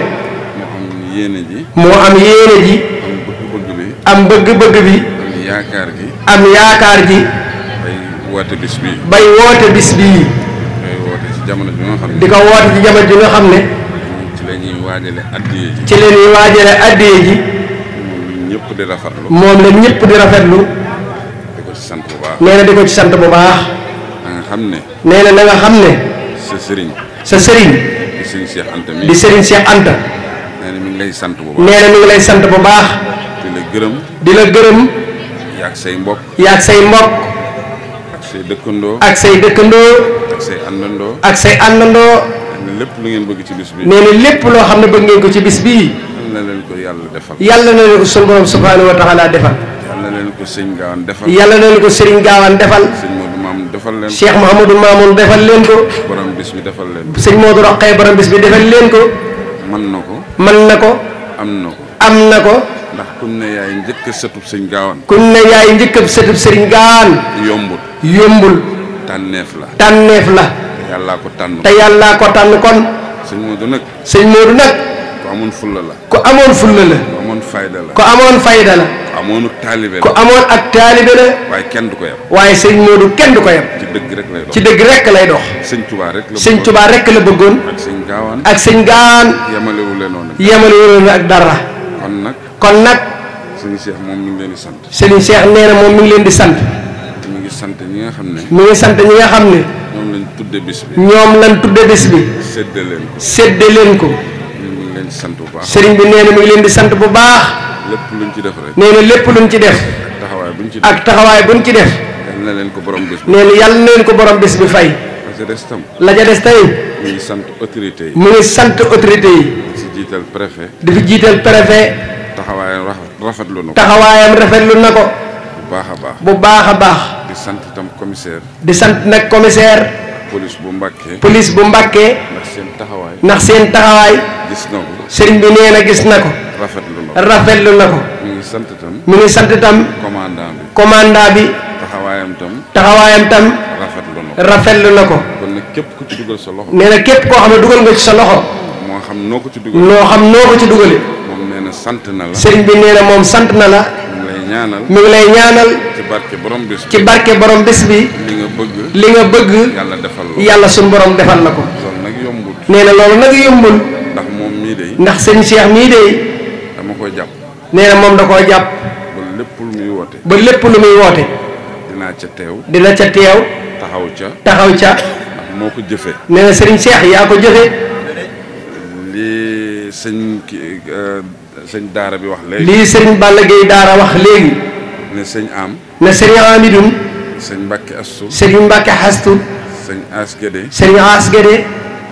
moo am yéene ji. am bëgg-bëgg bi. am yaakaar ji. am yaakaar ji. bay woote bis bii. bay woote bis bii. jamono bi nga xam di ko woote ci jamono bi nga xam ne. ci la ñuy waajale addiye ji. ci la waajale addiye ji. moom ñëpp di rafetlu. moom la ñëpp di rafetlu. di ko ci sant bu baax. nee na di ko ci sant bu baax. na nga xam ne. nee na na nga xam ne. sa sëriñ. sa sëriñ. Serigne Cheikh Anta mi di Serigne Cheikh Anta. nee na mi lay sant bu baax nee na mi ngi lay sant bu baax. di la gërëm. di la gërëm. ak say mbokk. yaa say mbokk. ak say dëkkandoo. ak say dëkkandoo. ak say àndandoo. ak say àndandoo. nee na lépp lu ngeen bëgg ci bis bi. nee lépp loo xam ne bëgg ngeen ko ci bis bii. yàlla na leen ko yàlla defal. yàlla na leen ko sunu borom subhaanahu wa leen ko sëriñ gaawaan defal. defal leen ko Cheikh Mouhamadou Mamoun defal leen ko. borom bis bi defal leen ko. sëñ Modou Roqee borom bis bi defal leen ko. man na ko. man na ko. am na ko. am na ko. ndax kum ne yaay njëkk sëtub sëñ gaawaan. kum ne yaay njëkk sëtub sëriñ gaawaan. yombul. yombul. tànneef la. tànneef la. te yàllaa ko tànn. te yàllaa ko tànn kon. sëñ Modou nag. sëñ Modou nag. ku amoon fulla la. ku amoon fulla la. fayda la ku amoon fayda la ku amoon taalibe ak taalibe la waaye kenn du ko waaye sëñ Modou kenn du ko yam ci dëgg rek lay dox ci dëgg rekk lay dox sëñ Touba rek la sëñ Touba rek la bëggoon ak sëñ gaawaan ak sëñ gaawaan yemalewu leen yemalewu leen ak dara kon nag kon nag sëñ Cheikh moom mi ngi leen di sant sëñ Cheikh nee na moom mi ngi leen di sant mi ngi sant ñi nga xam ne mi ngi sant ñi ñoom lañ tudde bis bi ñoom lañ bi sédde leen ko sédde leen ko leen di sant bu baax sëriñ bi nee na mi ngi leen di sant bu baax. lépp luñ ci def rek. nee na lépp luñ ci def. taxawaay buñ ci def ak taxawaay buñ ci def. yal na leen ko borom bés bi. nee na yal leen ko borom bés bi fay. la ca des tam. la des tey. mu ngi sant autorité yi. mu ngi sant autorité yi. di fi jiital préfet. di fi jiital préfet. taxawaayam rafetlu na ko. taxawaayam rafetlu na ko. bu baax a baax. bu baax a baax. di sant itam commissaire. di sant nag commissaire. police bu Mbàkke. police bu Mbàkke. ndax seen taxawaay. ndax seen taxawaay. gis na ko. sëriñ bi nee na gis na ko. rafet na ko rafetlu na ko. mi ngi sant tam. mi ngi sant tam. commandant bi. commandant bi. taxawaayam tam. taxawaayam tam. rafetlu na ko rafetlu na ko. kon nag képp ku ci dugal sa na képp koo xam ne dugal nga ci sa loxo. moo xam noo ko ci dugal. noo xam noo ko ci dugalee. moom nee sant na la. sëriñ bi nee moom sant na la. ñaanal mu ngi lay ñaanal. ci barke borom bés bi ci barke borom bés li nga bëgg. li nga bëgg. yàlla defal la yàlla suñu borom defal la ko. loolu nag yombul. nee na loolu nag yombul. ndax moom mii day. ndax sëñ Cheikh mii day. dama ko jàpp. nee na moom da jàpp. ba muy woote. ba lépp lu muy woote. dinaa ca teew. dina ca teew. taxaw ca. taxaw ca. moo ko jëfee. nee na sëriñ Cheikh yaa ko jëfee. lii sëñ kii. Euh, sëñ Daara bi wax léegi. lii sëñ Balla Gueye Daara wax léegi. ne sëñ am. ne sëñ Amidun. sëñ Mbacke Astu. sëñ Mbacke Astu. sëñ As Guédé. sëñ As Guédé.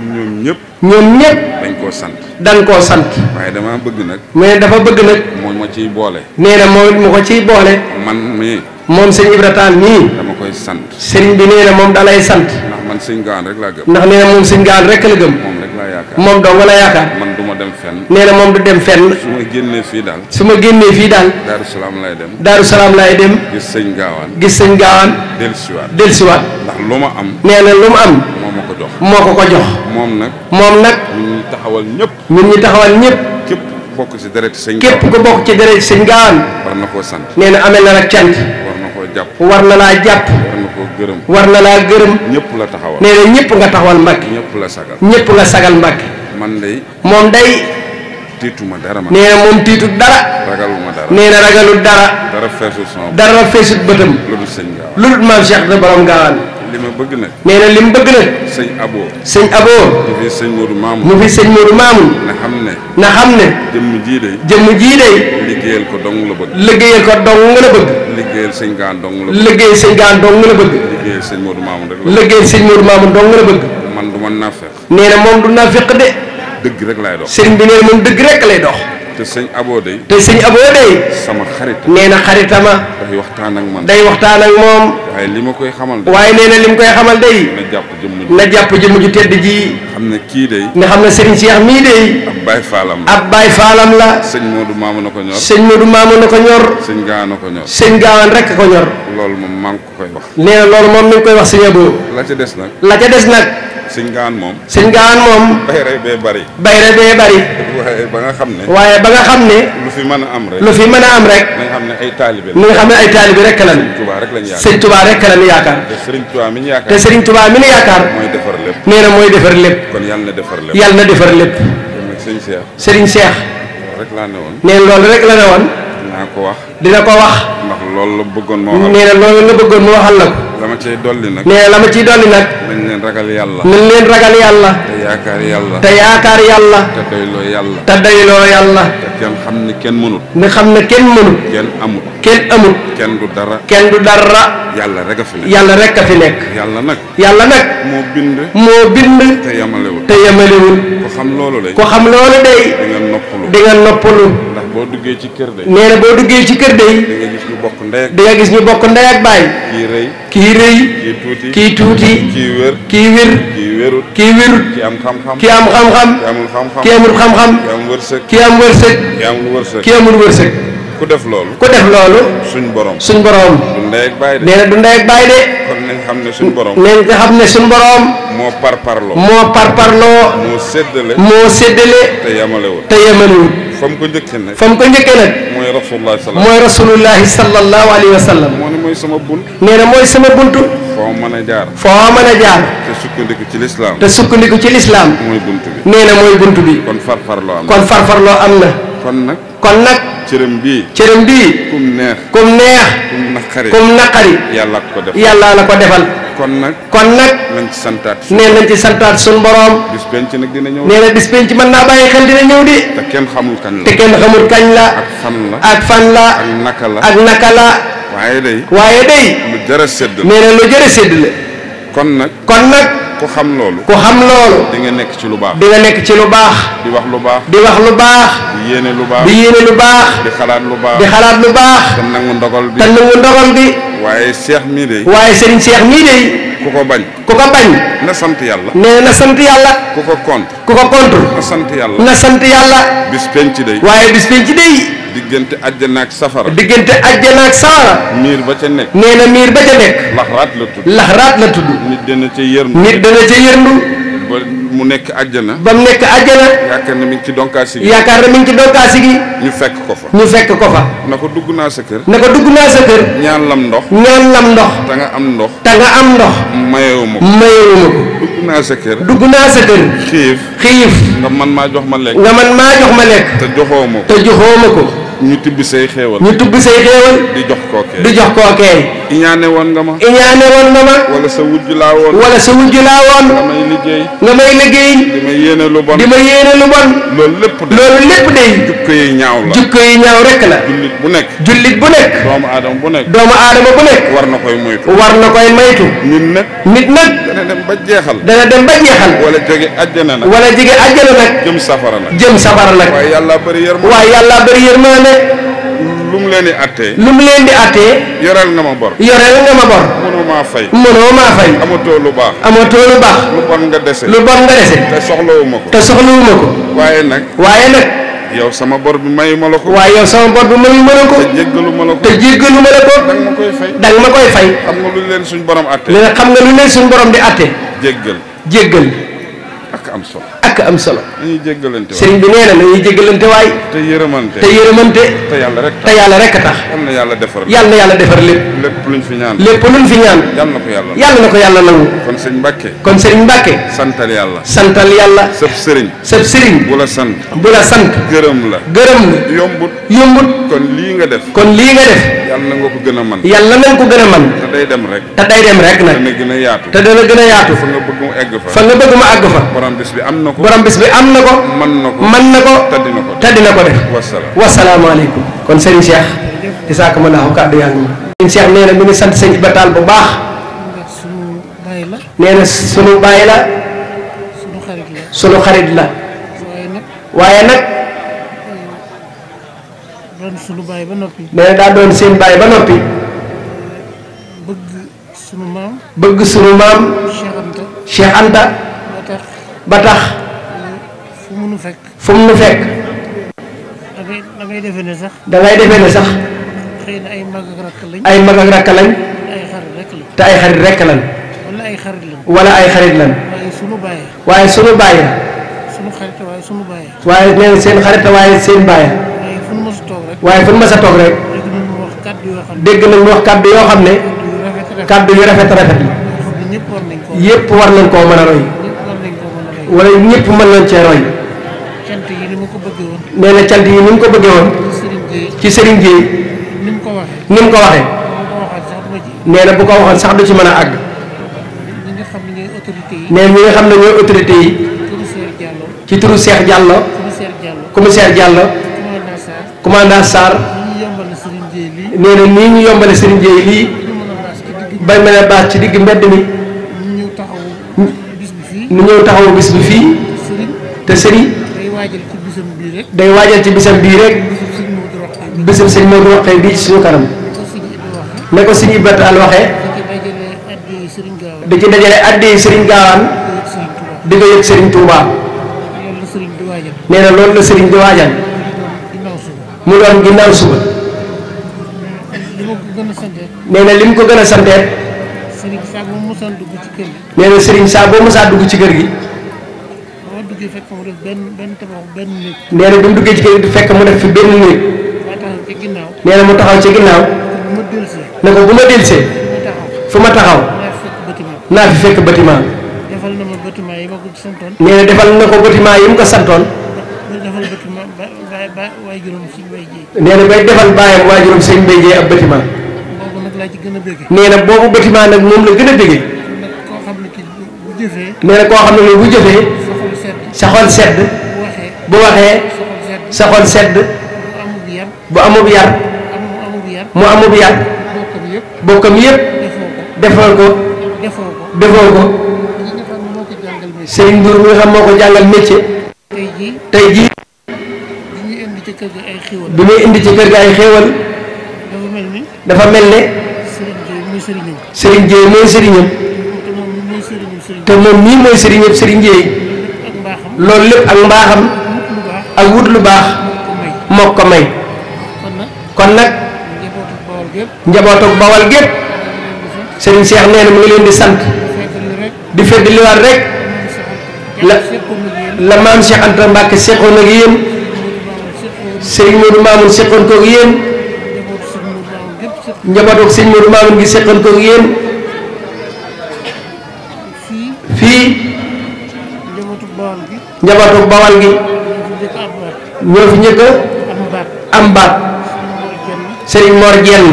ñoom ñëpp. ñoom ñëpp. dañ koo sant. dañ koo sant. waaye dama bëgg nag. mais dafa bëgg nag. moom ma ciy boole. nee na moom mu ko ciy boole. man mii. moom sëñ Ibra Tall mii. dama koy sant. sëriñ bi nee na moom da lay sant. ndax man sëñ Gaane rek laa gëm. ndax nee na moom sëñ Gaane rek la gëm. moom rek laa la yaakaar. dem fenn. nee na moom du dem fen su ma génnee fii daal. su ma génnee fii daal. Daaru Salaam lay dem. Daaru Salaam lay dem. gis sañ gaawaan. gis sañ gaawaan. dellusiwaat dellusiwaat. ndax lu ma am. nee na lu mu am. moo ma ko jox moo ko ko jox. moom nag. moom nag. ñun taxawal ñëpp. ñun ñi ñëpp. képp ku bokk ci derect sëñ. képp ku bokk ci deret sëñ gaawaan. war na koo sant. nee na amee na nag cant. war na koo jàpp. war na laa jàpp. war na laa gërëm. ñëpp la taxawal. nee na ñëpp nga taxawal Mbàkke. ñëpp la sagal. ñëpp la sagal Mbàkke. man day. moom day. tiituma dara man. nee na moom tiitut dara. ragaluma dara nee na ragalul dara. dara feesut sama dara feesut bëtam. lu dul sëñ Gaawaan lu dul maam Cheikh da bëgg na li mu bëgg nag. sëñ Abo. sëñ Abo. mu fi sëñ Modou na xam ne. na xam ne. jëmm jii day. jëmm jii day. ko dong la bëgg. liggéeyal ko dong nga la bëgg. liggéeyal sëñ Gaawaan dong la bëgg. liggéeyal sëñ Gaawaan dong nga la man du ma naafeq. nee na moom du naafeq de. dëgg rek laay dox. sëriñ bi nee moom dëgg rek lay dox. te sëñ aboo day. te sëñ aboo day. sama xarit. nee na xaritama. day waxtaan ak man day waxtaan ak moom. waaye li ma koy xamal. waaye nee na koy xamal day. na jàpp jëmm ji na ji tedd ji. xam ne kii day. nga xam ne sëriñ Cheikh mii day. ab baay faalam la ab baay faalam la. sëñ Modou Maama na ko ñor. sëñ Modou Maama na ko ñor. sëñ Gaawaan na ko ñor. sëñ rek ko ñor. loolu moom maa ngi ko koy wax. nee na loolu moom mi la ca des nag. la ca des nag. sëñ gaan moom. sëñ gaan moom. bayre bee bari. bayre bee bari. ba nga xam ne. waaye ba nga xam lu fi mën a am rek. lu fi mën a am rek. na xam ne ay taalibe la. nga xam ne ay taalibe rek lan. sëñ Tuubaa rek lañ yaakaar sëñ Tuubaa rek lan yaakaar. te sëriñ Tuubaa na mooy defar lépp. kon yàlla na defar lépp. yàlla na defar lépp. rek la ne woon. nee rek la ne dina ko wax. dina ko wax. ndax loolu la bëggoon moo waxal. nee na loolu la bëggoon la ma ciy dolli nag. na la ma ciy dolli nag. nañ leen ragal yàlla. nañ leen ragal yàlla. te yaakaar yàlla. te yaakaar yàlla. te doyloo yàlla. te doyloo yàlla. te kenn xam ne kenn mënut. ne xam ne kenn mënut. kenn amut. kenn kenn du dara. kenn du dara. yàlla rek a fi nekk. yàlla rek a fi nekk. yàlla nag. yàlla nag. moo bind. moo bind. te yamalewul. te yamalewul. ku xam loolu de. ku noppalu. boo duggee ci kër de. nee boo duggee ci kër de yi. gis ñu bokk ndey ak. di gis ñu bokk ndey ak baay. kii rëy. kii rëy. kii tuuti. kii tuuti. kii wér. kii wér. kii wérut. kii am xam-xam. kii am xam-xam. kii amul xam-xam. kii amul xam-xam. kii am wërsëg. kii am wërsëg. kii amul wërsëg. ku def loolu. ku def loolu. suñ borom. suñ borom. du ndey ak baay de. nee na du ndey ak baay de. kon nañ xam ne suñ borom. nañ nga xam ne suñ borom. moo parparloo. moo moo séddale. moo séddale. te yemalewul. fa mu ko njëkkee nag. fa mu ko njëkkee nag. mooy rasulullahi sallallahu mooy rasulullahi moo mooy sama bunt. nee mooy sama buntu. foo mën a jaar. foo mën a jaar. te sukkandiku ci lislaam. te sukkandiku ci lislaam. mooy buntu bi. nee na mooy buntu bi. kon farfarloo am na. kon am na. kon nag. kon nag. cërëm bii. cërëm bii. kum neex. kum neex. kum naqari. kum yàlla ko la ko defal. kon nag kon nag ci santaat nee nañ ci santaat suñ borom bis penc nag dina ñëw nee na bis penc mën naa bàyyi xel ne ñëw di te kenn xamul kañ la te kenn xamul kañ la ak fan la ak fan ak naka la ak naka waaye day waaye day lu jërë sedd la nee na sedd kon nag kon ku xam loolu. ku xam loolu. di nga nekk ci lu baax. di nga nekk ci lu baax. di wax lu baax. di wax lu baax. di yéene lu baax. di yéene lu baax. di xalaat lu baax. di xalaat lu baax. te nangu ndogal bi te nangu ndogal bi. waaye seex mii de. waaye sëriñ seex mii de. ku ko bañ. ku ko bañ. na sant yàlla. nee na sant yàlla. ku ko contre. ku sant yàlla. na sant yàlla. bis penc day. waaye bis penc day. diggante àjjana ak safara. diggante àjjana ak safara. miir ba ca nekk. nee na miir ba ca nekk. laxraat la tudd. laxraat la tudd. nit dana ca yërndu. nit dana ca yërndu. ba mu nekk àjjana. ba mu nekk àjjana. yaakaar na mi ngi ci donkaasi gi. yaakaar na mi ngi ci donkaasi ñu fekk ko fa. ñu fekk ko fa. na ko dugg naa sa kër. na ko dugg naa sa kër. ñaan lam ndox. ñaan lam ndox. ta nga am ndox. ta nga am ndox. mayewu ma ko. ma ko. dugg naa sa kër. dugg naa sa kër. xiif. xiif. nga man maa jox ma lekk. nga man maa jox ma lekk. te ñu tibb say xéewal. ñu say xéewal. kookee du jox kookee. iñaane woon nga ma. iñaane woon nga ma. wala sa wujj laa woon. wala sa wujj laa woon. nga may liggéey. nga may liggéey. di ma yéene lu bon. di ma yéene lu bon. loolu lépp de. loolu jukko yi ñaaw la. ñaaw rek la. jullit bu nekk. jullit bu nekk. doomu aadama bu nekk. doomu aadama bu nekk. war na koy moytu. war na koy moytu. nit nag. nit nag. dana dem ba jeexal. dana dem ba jeexal. wala jóge àjjana nag. wala jóge àjjana nag. jëm safara nag. jëm safara nag. waaye yàlla bëri yërmande. waaye yàlla lu mu leen di attee. lu mu leen di attee. yoreel nga ma bor. yoreel nga ma bor. mënoo maa fay. mënoo maa fay. amatoo lu baax. amatoo lu baax. lu bon nga dese. lu bon nga dese. te soxlawuma ko. te soxlawuma ko. waaye nag. waaye nag. yow sama bor bi mayu ma la ko. waaye yow sama bor bi mayu ma la ko. te jéggalu ma la ko. te jéggalu ma la ko. danga ma koy fay. danga koy fay. xam nga lu leen suñ borom attee. mais nag xam nga lu leen suñ borom di attee. jéggal jéggal. ak am solo. ak am solo. dañuy jéggalante waay sëriñ bi nee na dañuy jéggalante waay. te yërëmante te yërëmante. te yàlla rek tax te yàlla yàlla defar lépp yal na yàlla defar lépp. lépp luñ fi ñaan lépp luñ fi ñaan. yal na ko yàlla yal na ko yàlla nangu. kon sëriñ Mbacke. kon sëriñ Mbacke. santal yàlla. santal yàlla. sëb sëriñ. la sant. bu la sant. lii nga def. kon lii nga na nga ko gën a mën. yàlla na nga ko gën a te day dem rek. te day dem rek nag. dana gën a yaatu. a fa nga bëgg mu egg fa. borom bis bi am mën na ko. mën na ko mën na ko. tàddi na ko kon Serigne Cheikh. isaaka ma laaxu kàddu yaa ngi. Serigne Cheikh nee na mi ngi sant sëñ ba taal bu baax. nee na sunu waaye nag. doon sunu bàyyi ba noppi. nee na daa doon seen bàyyi ba noppi. bëgg sunu maam. bëgg ba tax. nu fekk. fu mu nu fekk. da ngay ne sax. da ngay defee ne sax. ay mag ak rakk lañ. ay mag ak rakk te ay xarit rek lañ. te ay xarit lañ. wala ay xarit lañ. wala ay xarit waaye sunu bàyyi. waaye sunu bàyyi. sunu xarit waaye sunu bàyyi. waaye nee na seen xarit waaye seen bàyyi. waaye fu mu mës a toog rek. waaye fu mu mës a toog rek. dégg nañ mu wax kàddu yoo xam ne. kàddu yu rafet rafet la. yëpp war nañ koo mën a roy. wala ñëpp mën nañ cee roy. nee na cant yi ni mu ko bëggee woon ci sëriñ bi ni mu ko waxee nee na bu ko waxoon sax du ci mën a àgg nee ñi nga xam ne ñooy autorité yi ci turu Cheikh Diallo commissaire Diallo commandant Sarr nee na nii ñu yombale sëriñ Jéey lii ba mel ne baax ci digg mbedd mi ñu ñëw taxawu bis bi fii te sëriñ day waajal ci bisam bii rek bisam sëñ Modou Rokhaya bii ci suñu kanam ne ko sëñ Ibra Taal waxee da ci dajale addi sëriñ gaawaan di ko yëg sëriñ Touba nee na loolu la sëriñ di waajal mu doon ginnaaw suba nee na li mu ko gën a santeet nee na sëriñ saa boo mosaa dugg ci kër gi. duggee fekk mu def benn benn tabax fekk mu def fi benn néeg. nee na mu taxaw ci ginnaaw. ne ko bu ma dellusee. fu ma taxaw. naa fi na ma yi ma ko santoon. nee na defal na ko bâtiment yi mu ko santoon. nee na bay defal bàyyam waajuram sëñ Mbay Jeey ab bâtiment. nee na boobu bâtiment nag moom la gën a bëggee. nee na koo xam ne bu jëfee. sa xol sedd bu waxee sa xol sedd bu amub yar mu amub yar bokkam yëpp defoo ko defoo ko sëriñ Ndour mi xam moo ko jàngal métier tey jii bi muy indi ci kër gi ay xéewal dafa mel ne sëriñ Jéey mooy sëriñam te moom mii mooy sëriñam sëriñ Jéey loolu lépp ak mbaaxam ak wut lu baax moo ko may kon nag njabootu bawal gépp sëriñ Cheikh nee na mu ngi leen di sant di fedd liwaat rek la la maam Cheikh Anta Mbacke seqoon ak yéen sëriñ Modou Mamoun seqoon ko ak yéen njabootu sëriñ Modou Mamoun gi seqoon ko yéen fii njabootu bawal gi ñoo fi njëkk am baat sëriñ Mor Dieng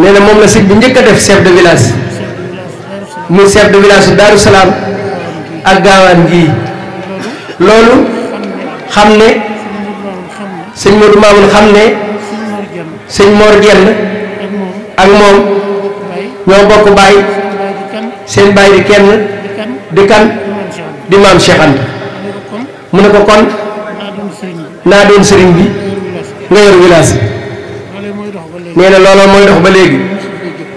nee na moom la sëñ bi njëkk def chef de village muy chef de village su Daaru Salaam ak gaawaan gii loolu xam ne sëñ Modou Mamoun ak moom ñoo bokk baay seen bàyyi di kenn di kan di maam Cheikh Anta mu ne ko kon naa doon sëriñ bi nga yor village bi nee na looloo mooy dox ba léegi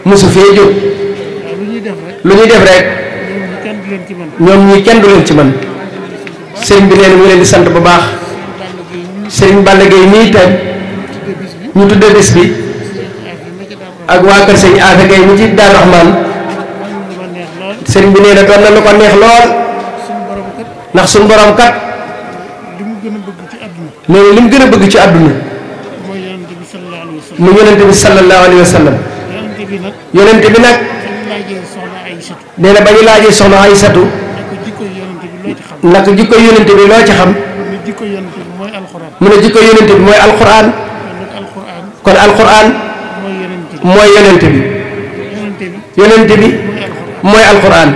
mosu fee jóg lu ñuy def rek ñoom ñii kenn du leen ci man sëriñ bi nee na mu di sant bu baax sëriñ Balla Gaye nii tam ñu tudde bés bi ak waa kër sëñ Afe Gaye mu ci Daaru Rahmaan sëriñ bi nee na doon na lu ko neex lool ndax suñu borom kat li mu gën a bëgg ci àdduna nee li mu gën a bëgg ci àdduna mu yonente bi sallallahu alayhi wa sallam yonente bi nag nee na ba ñu laajee soxna Aysatu naka jikko yonente bi loo ci xam mu ne jikko yonente bi mooy alquran kon alquran mooy yonente bi yonente bi mooy alxuraan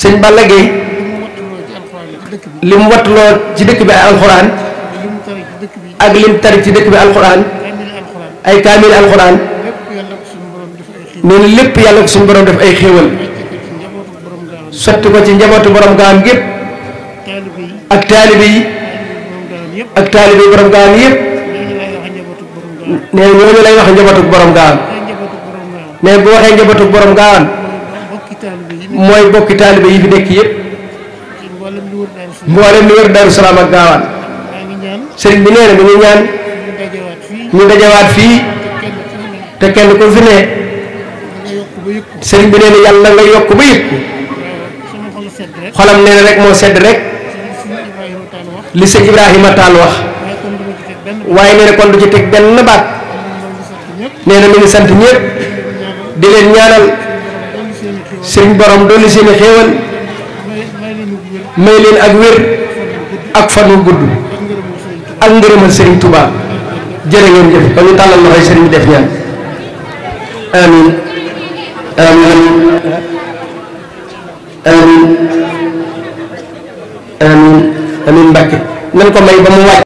sëñ Balla Gueye li mu wattuloo ci dëkk bi ay alxuraan ak lim tari ci dëkk bi alxuraan ay kaamil alxuraan noonu lépp yàlla ko suñu borom def ay xéewal sotti ko ci njabootu borom gaam gépp ak taalibe yi ak taalibe yi borom gaam yëpp nee ñooñu lay wax njabootu borom gaam nee bu waxee njabootu borom gaawaan mooy bokki taalibe yi fi nekk yëpp mboolem li wër Daaru Salaam ak gaawaan sëriñ bi nee na mi ñaan ñu dajawaat fii te kenn ku fi ne sëriñ bi nee na yàlla nga yokk ba yëg xolam nee rek moo sedd rek li sëñ Ibrahima Tall wax waaye nee na ci teg benn baat nee na mi sant ñëpp. di leen ñaanal sëriñ borom dolli seen i xéewal may leen ak wér ak fan wu gudd ak ngërëmal sëriñ Touba jërë ngeen jëf ba ñu tàllal loxoy sëriñ def ñaan amin amin amin amin amin ko may ba mu wàcc